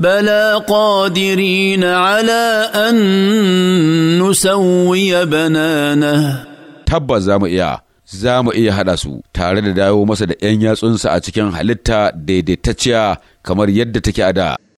Bala قادرين على أن نسوي بنانه tabbas za mu iya za mu iya haɗa su tare da dawo masa da 'yan yatsunsa a cikin halitta daidaitaciya kamar yadda take a da.